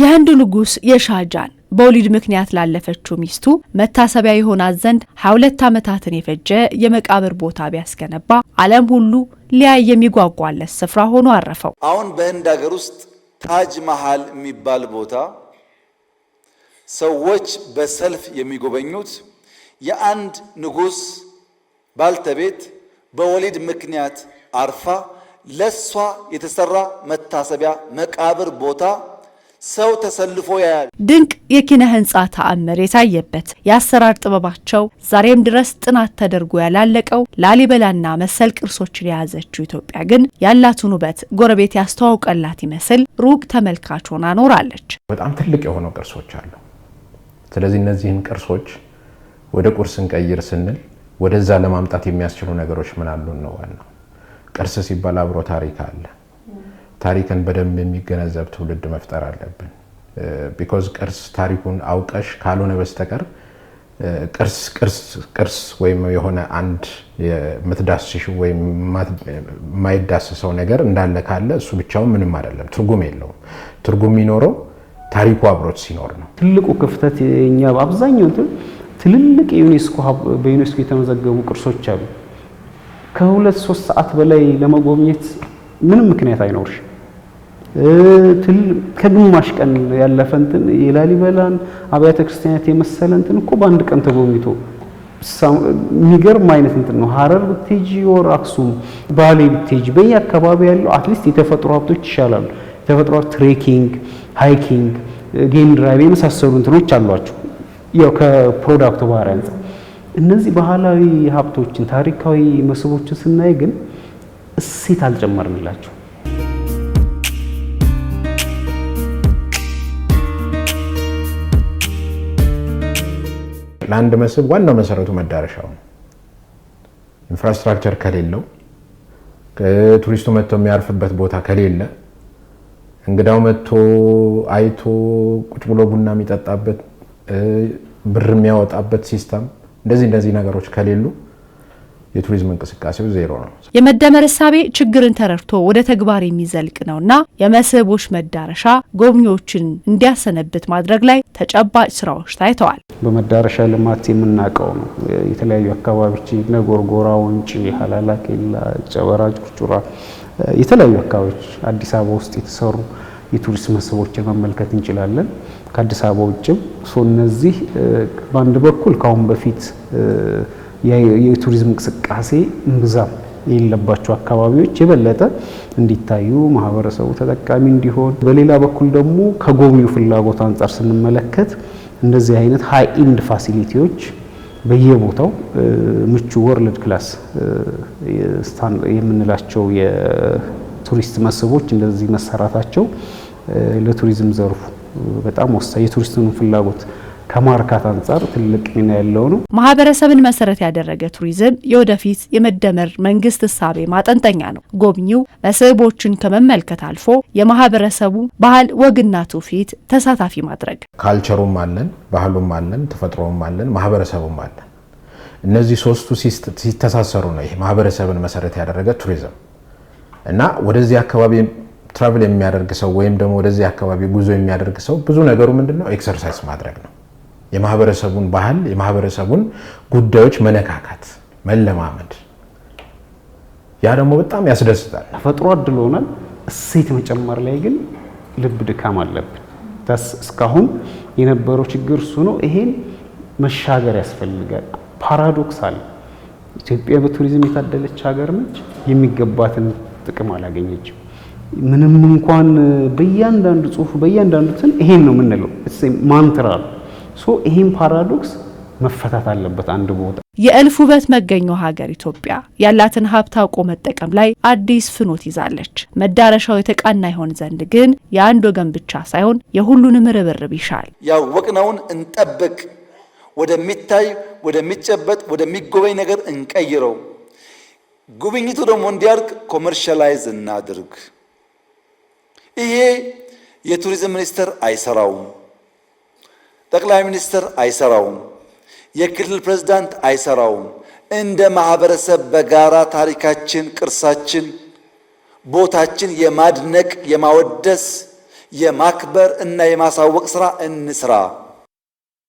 የህንዱ ንጉስ የሻጃን በወሊድ ምክንያት ላለፈችው ሚስቱ መታሰቢያ የሆናት ዘንድ 22 ዓመታትን የፈጀ የመቃብር ቦታ ቢያስገነባ ዓለም ሁሉ ሊያይ የሚጓጓለት ስፍራ ሆኖ አረፈው። አሁን በህንድ ሀገር ውስጥ ታጅ መሃል የሚባል ቦታ ሰዎች በሰልፍ የሚጎበኙት የአንድ ንጉስ ባልተቤት በወሊድ ምክንያት አርፋ ለሷ የተሰራ መታሰቢያ መቃብር ቦታ ሰው ተሰልፎ ያያል። ድንቅ የኪነ ህንጻ ተአምር የታየበት የአሰራር ጥበባቸው ዛሬም ድረስ ጥናት ተደርጎ ያላለቀው ላሊበላና መሰል ቅርሶችን የያዘችው ኢትዮጵያ ግን ያላትን ውበት ጎረቤት ያስተዋውቀላት ይመስል ሩቅ ተመልካች ሆና ኖራለች። በጣም ትልቅ የሆነው ቅርሶች አሉ። ስለዚህ እነዚህን ቅርሶች ወደ ቁርስ እንቀይር ስንል ወደዛ ለማምጣት የሚያስችሉ ነገሮች ምን አሉን ነው ዋናው። ቅርስ ሲባል አብሮ ታሪክ አለ። ታሪክን በደንብ የሚገነዘብ ትውልድ መፍጠር አለብን። ቢኮዝ ቅርስ ታሪኩን አውቀሽ ካልሆነ በስተቀር ቅርስ ቅርስ ቅርስ ወይም የሆነ አንድ የምትዳስሽ ወይም የማይዳስሰው ነገር እንዳለ ካለ እሱ ብቻውን ምንም አይደለም፣ ትርጉም የለውም። ትርጉም የሚኖረው ታሪኩ አብሮት ሲኖር ነው። ትልቁ ክፍተት እኛ በአብዛኛው ትልልቅ የዩኔስኮ በዩኔስኮ የተመዘገቡ ቅርሶች አሉ። ከሁለት ሶስት ሰዓት በላይ ለመጎብኘት ምንም ምክንያት አይኖርሽ ከግማሽ ቀን ያለፈ እንትን የላሊበላን አብያተ ክርስቲያናት የመሰለ እንትን እኮ በአንድ ቀን ተጎብኝቶ የሚገርም አይነት እንትን ነው። ሀረር ብትሄጂ ወር አክሱም፣ ባሌ ብትሄጂ በየአካባቢ ያለው አትሊስት የተፈጥሮ ሀብቶች ይሻላሉ። የተፈጥሮ ትሬኪንግ፣ ሃይኪንግ፣ ጌም ድራይቭ የመሳሰሉ እንትኖች አሏቸው። ያው ከፕሮዳክቱ ባህሪ አንጻር እነዚህ ባህላዊ ሀብቶችን ታሪካዊ መስህቦችን ስናይ ግን እሴት አልጨመርንላቸው ለአንድ መስህብ ዋናው መሰረቱ መዳረሻው ነው። ኢንፍራስትራክቸር ከሌለው ቱሪስቱ መጥቶ የሚያርፍበት ቦታ ከሌለ እንግዳው መጥቶ አይቶ ቁጭ ብሎ ቡና የሚጠጣበት ብር የሚያወጣበት ሲስተም እንደዚህ እንደዚህ ነገሮች ከሌሉ የቱሪዝም እንቅስቃሴው ዜሮ ነው። የመደመር እሳቤ ችግርን ተረድቶ ወደ ተግባር የሚዘልቅ ነውና የመስህቦች መዳረሻ ጎብኚዎችን እንዲያሰነብት ማድረግ ላይ ተጨባጭ ስራዎች ታይተዋል። በመዳረሻ ልማት የምናውቀው ነው። የተለያዩ አካባቢዎች እነ ጎርጎራ፣ ወንጪ፣ ሀላላ ኬላ፣ ጨበራ ጩርጩራ፣ የተለያዩ አካባቢዎች አዲስ አበባ ውስጥ የተሰሩ የቱሪስት መስህቦችን መመልከት እንችላለን። ከአዲስ አበባ ውጭም እነዚህ በአንድ በኩል ከአሁን በፊት የቱሪዝም እንቅስቃሴ እምብዛም የሌለባቸው አካባቢዎች የበለጠ እንዲታዩ ማህበረሰቡ ተጠቃሚ እንዲሆን፣ በሌላ በኩል ደግሞ ከጎብኚው ፍላጎት አንጻር ስንመለከት እንደዚህ አይነት ሀይ ኢንድ ፋሲሊቲዎች በየቦታው ምቹ ወርልድ ክላስ የምንላቸው የቱሪስት መስህቦች እንደዚህ መሰራታቸው ለቱሪዝም ዘርፉ በጣም ወሳኝ የቱሪስቱን ፍላጎት ከማርካት አንጻር ትልቅ ሚና ያለው ነው። ማህበረሰብን መሰረት ያደረገ ቱሪዝም የወደፊት የመደመር መንግስት እሳቤ ማጠንጠኛ ነው። ጎብኚው መስህቦችን ከመመልከት አልፎ የማህበረሰቡ ባህል ወግና ትውፊት ተሳታፊ ማድረግ ካልቸሩም አለን፣ ባህሉም አለን፣ ተፈጥሮም አለን፣ ማህበረሰቡም አለን። እነዚህ ሶስቱ ሲተሳሰሩ ነው ይሄ ማህበረሰብን መሰረት ያደረገ ቱሪዝም እና ወደዚህ አካባቢ ትራቭል የሚያደርግ ሰው ወይም ደግሞ ወደዚህ አካባቢ ጉዞ የሚያደርግ ሰው ብዙ ነገሩ ምንድነው ኤክሰርሳይዝ ማድረግ ነው። የማህበረሰቡን ባህል የማህበረሰቡን ጉዳዮች መነካካት መለማመድ፣ ያ ደግሞ በጣም ያስደስታል። ተፈጥሮ አድሎ ሆናል እሴት መጨመር ላይ ግን ልብ ድካም አለብን። እስካሁን የነበረው ችግር እሱ ነው። ይሄን መሻገር ያስፈልጋል። ፓራዶክስ አለ። ኢትዮጵያ በቱሪዝም የታደለች ሀገር ነች። የሚገባትን ጥቅም አላገኘችም። ምንም እንኳን በእያንዳንዱ ጽሁፍ በእያንዳንዱ እንትን ይሄን ነው የምንለው ማንትራ ነው ሶ ይህም ፓራዶክስ መፈታት አለበት አንድ ቦታ የእልፍ ውበት መገኘው ሀገር ኢትዮጵያ ያላትን ሀብት አውቆ መጠቀም ላይ አዲስ ፍኖት ይዛለች። መዳረሻው የተቃና ይሆን ዘንድ ግን የአንድ ወገን ብቻ ሳይሆን የሁሉንም ርብርብ ይሻል። ያወቅነውን እንጠብቅ፣ ወደሚታይ ወደሚጨበጥ፣ ወደሚጎበኝ ነገር እንቀይረው። ጉብኝቱ ደግሞ እንዲያድግ ኮመርሻላይዝ እናድርግ። ይሄ የቱሪዝም ሚኒስቴር አይሰራውም። ጠቅላይ ሚኒስትር አይሰራውም፣ የክልል ፕሬዝዳንት አይሰራውም። እንደ ማህበረሰብ በጋራ ታሪካችን፣ ቅርሳችን፣ ቦታችን የማድነቅ የማወደስ የማክበር እና የማሳወቅ ስራ እንስራ።